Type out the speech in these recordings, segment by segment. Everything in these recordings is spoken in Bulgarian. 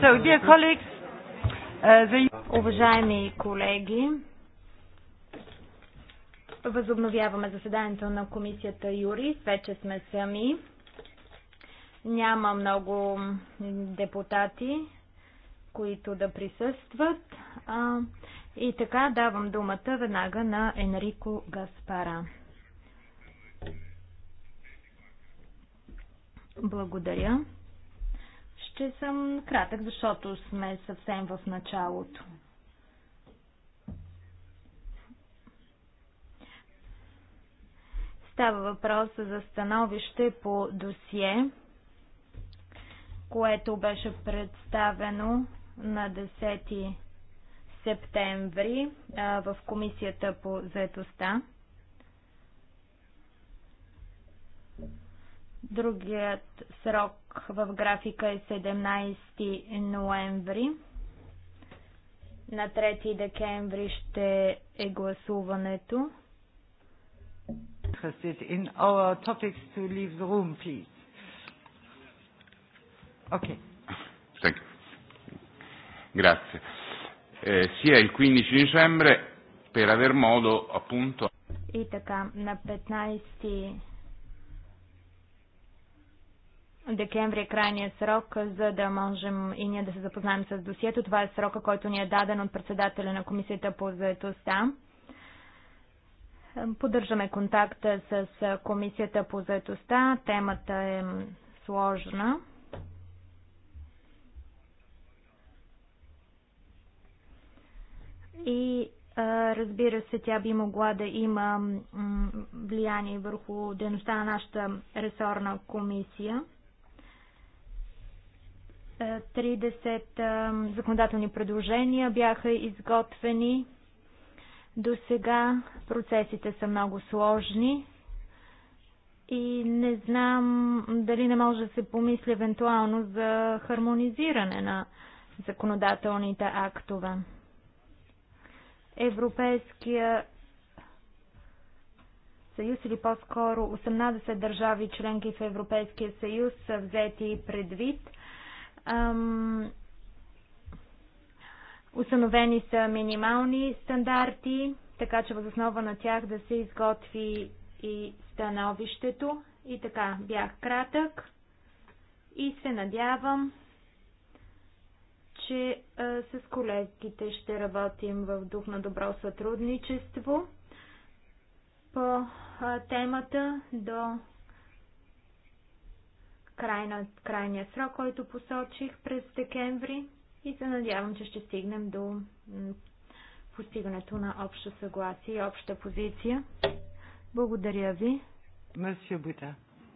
So, dear colleagues, uh, the... Уважаеми колеги, възобновяваме заседанието на комисията Юри. Вече сме сами. Няма много депутати, които да присъстват. А, и така давам думата веднага на Енрико Гаспара. Благодаря. Ще съм кратък, защото сме съвсем в началото. Става въпрос за становище по досие, което беше представено на 10 септември а, в Комисията по заедостта. Другият срок в графика е 17 ноември. На 3 декември ще е гласуването. In our topics to leave the room, please. Okay. Thank you. Grazie. Eh, sia il 15 dicembre per aver modo appunto. И така, на 15 Декември е крайния срок, за да можем и ние да се запознаем с досието. Това е срока, който ни е даден от председателя на комисията по заетостта. Поддържаме контакт с комисията по заетостта. Темата е сложна. И разбира се, тя би могла да има влияние върху дейността на нашата ресорна комисия. 30 законодателни предложения бяха изготвени. До сега процесите са много сложни и не знам дали не може да се помисли евентуално за хармонизиране на законодателните актове. Европейския съюз или по-скоро 18 държави членки в Европейския съюз са взети предвид – Ам, установени са минимални стандарти, така че въз основа на тях да се изготви и становището. И така, бях кратък и се надявам, че а, с колегите ще работим в дух на добро сътрудничество по а, темата до крайна, крайния срок, който посочих през декември и се надявам, че ще стигнем до постигането на общо съгласие и обща позиция. Благодаря ви. Мерси, Бута.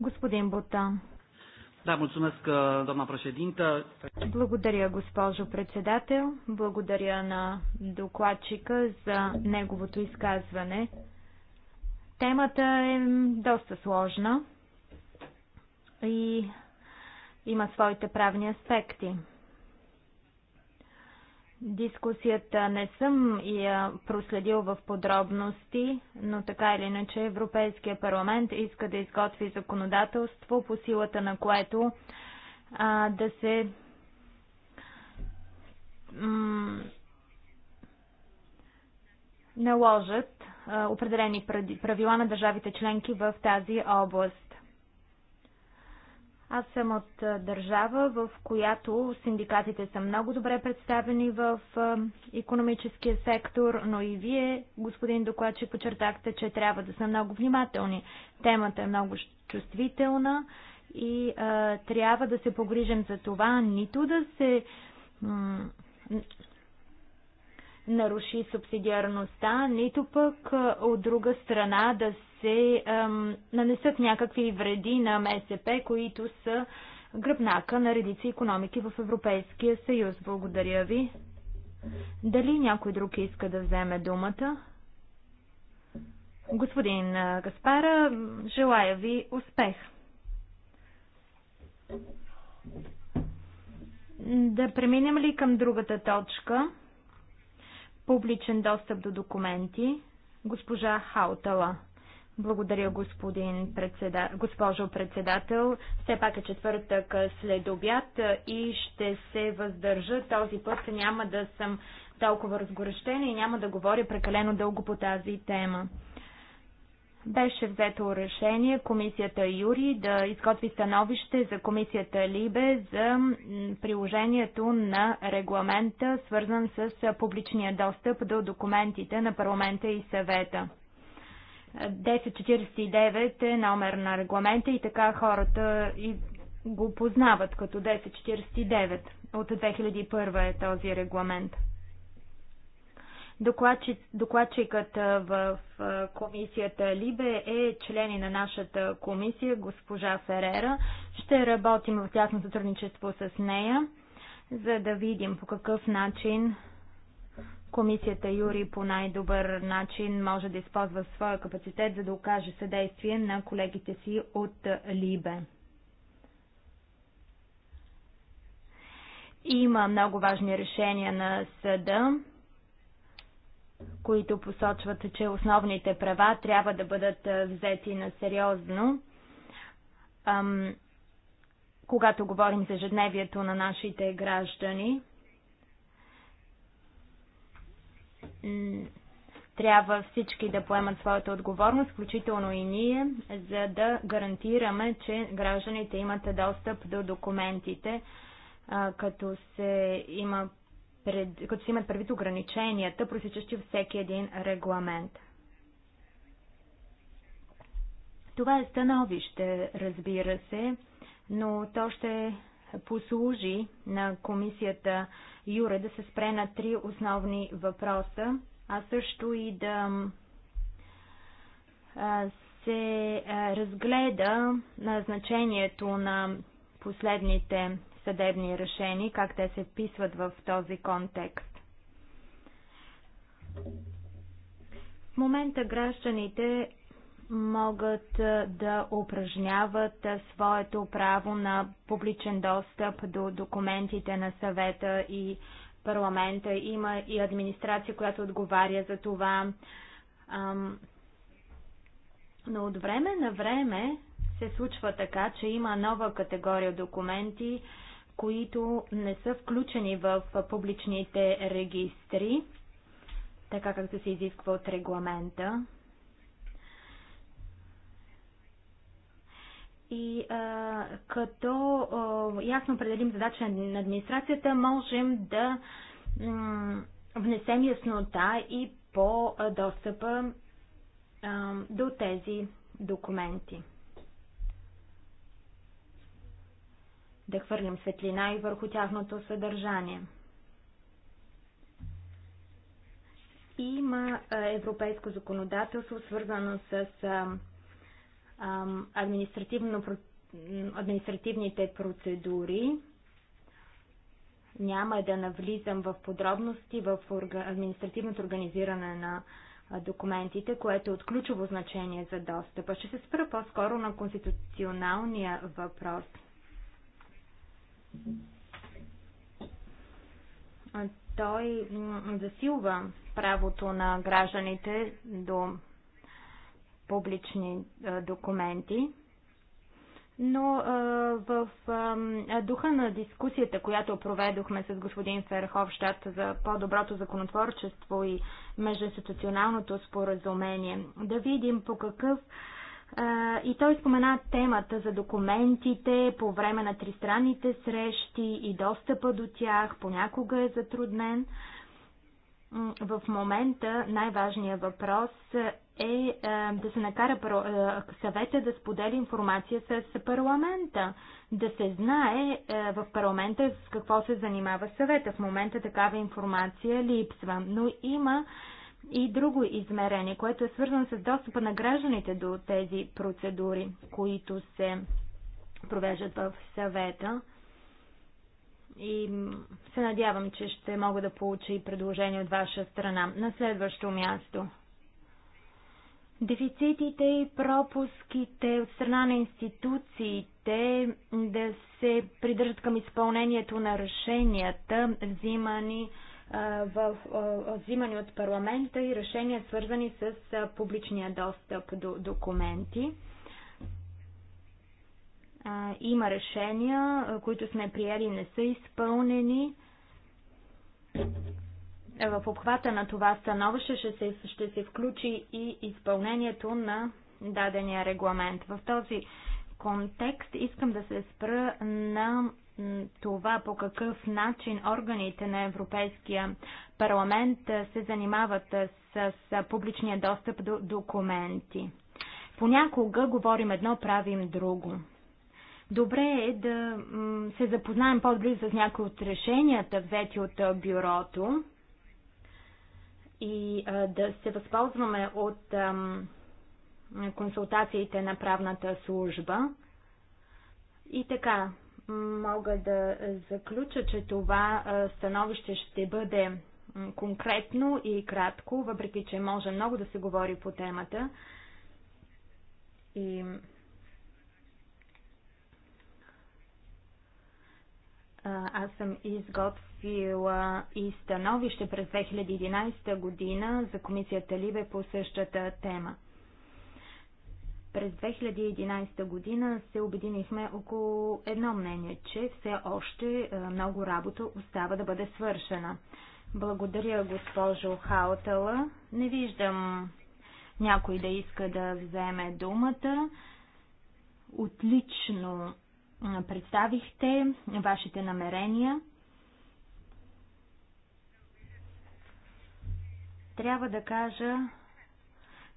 Господин Бута. Да, мулțumesc, дома președintă. Благодаря, госпожо председател. Благодаря на докладчика за неговото изказване. Темата е доста сложна и има своите правни аспекти. Дискусията не съм я проследил в подробности, но така или иначе Европейския парламент иска да изготви законодателство, по силата на което а, да се наложат а, определени правила на държавите членки в тази област. Аз съм от държава, в която синдикатите са много добре представени в економическия сектор, но и вие, господин докладчик, подчертахте, че трябва да са много внимателни. Темата е много чувствителна и а, трябва да се погрижим за това, нито да се наруши субсидиарността, нито пък от друга страна да се ам, нанесат някакви вреди на МСП, които са гръбнака на редици економики в Европейския съюз. Благодаря ви. Дали някой друг иска да вземе думата? Господин Гаспара, желая ви успех. Да преминем ли към другата точка? Публичен достъп до документи. Госпожа Хаутала. Благодаря, господин председа... госпожо председател. Все пак е четвъртък след обяд и ще се въздържа. Този път няма да съм толкова разгорещена и няма да говоря прекалено дълго по тази тема. Беше взето решение комисията Юри да изготви становище за комисията Либе за приложението на регламента, свързан с публичния достъп до документите на парламента и съвета. 1049 е номер на регламента и така хората и го познават като 1049. От 2001 е този регламент. докладчикът в комисията Либе е члени на нашата комисия, госпожа Ферера. Ще работим в тясно сътрудничество с нея, за да видим по какъв начин Комисията Юри по най-добър начин може да използва своя капацитет, за да окаже съдействие на колегите си от Либе. Има много важни решения на съда, които посочват, че основните права трябва да бъдат взети на сериозно. когато говорим за ежедневието на нашите граждани, трябва всички да поемат своята отговорност, включително и ние, за да гарантираме, че гражданите имат достъп до документите, като се има пред, като се имат предвид ограниченията, просичащи всеки един регламент. Това е становище, разбира се, но то ще послужи на комисията Юре да се спре на три основни въпроса, а също и да се разгледа на значението на последните съдебни решения, как те се вписват в този контекст. В момента гражданите могат да упражняват своето право на публичен достъп до документите на съвета и парламента. Има и администрация, която отговаря за това. Но от време на време се случва така, че има нова категория документи, които не са включени в публичните регистри, така както се изисква от регламента. И а, като а, ясно определим задача на администрацията, можем да внесем яснота и по достъпа а, до тези документи. Да хвърлим светлина и върху тяхното съдържание. Има европейско законодателство, свързано с а, административно, административните процедури. Няма да навлизам в подробности в административното организиране на документите, което е от ключово значение за достъпа. Ще се спра по-скоро на конституционалния въпрос. Той засилва правото на гражданите до публични документи. Но в духа на дискусията, която проведохме с господин Ферховщат за по-доброто законотворчество и междуинституционалното споразумение, да видим по какъв и той спомена темата за документите по време на тристранните срещи и достъпа до тях понякога е затруднен в момента най-важният въпрос е, е да се накара е, съвета да споделя информация с парламента, да се знае е, в парламента с какво се занимава съвета. В момента такава информация липсва, но има и друго измерение, което е свързано с достъпа на гражданите до тези процедури, които се провеждат в съвета и се надявам, че ще мога да получа и предложение от ваша страна. На следващо място. Дефицитите и пропуските от страна на институциите да се придържат към изпълнението на решенията, взимани, в, взимани от парламента и решения, свързани с публичния достъп до документи има решения, които сме приели не са изпълнени. В обхвата на това становище ще се, ще се включи и изпълнението на дадения регламент. В този контекст искам да се спра на това по какъв начин органите на Европейския парламент се занимават с публичния достъп до документи. Понякога говорим едно, правим друго. Добре е да се запознаем по-близо с някои от решенията, взети от бюрото и да се възползваме от консултациите на правната служба. И така, мога да заключа, че това становище ще бъде конкретно и кратко, въпреки че може много да се говори по темата. И аз съм изготвила и становище през 2011 година за комисията Либе по същата тема. През 2011 година се обединихме около едно мнение, че все още много работа остава да бъде свършена. Благодаря, госпожо Хаотала. Не виждам някой да иска да вземе думата. Отлично представихте вашите намерения. Трябва да кажа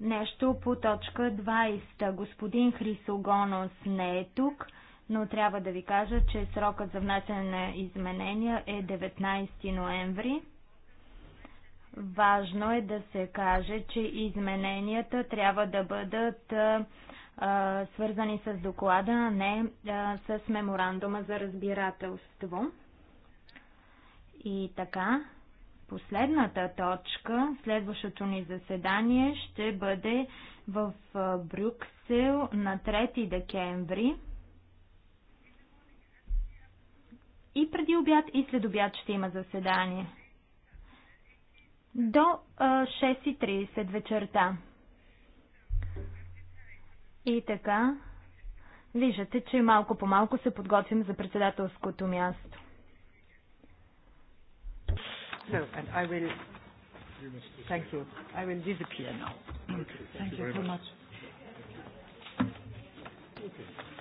нещо по точка 20. Господин Хрисогонос не е тук, но трябва да ви кажа, че срокът за внасяне на изменения е 19 ноември. Важно е да се каже, че измененията трябва да бъдат свързани с доклада, а не а, с меморандума за разбирателство. И така, последната точка, следващото ни заседание ще бъде в Брюксел на 3 декември. И преди обяд, и след обяд ще има заседание. До 6.30 вечерта. И така, виждате, че малко по малко се подготвим за председателското място. So, and I will Thank you. I will disappear now. Okay, thank, thank you, you very much. much. Okay.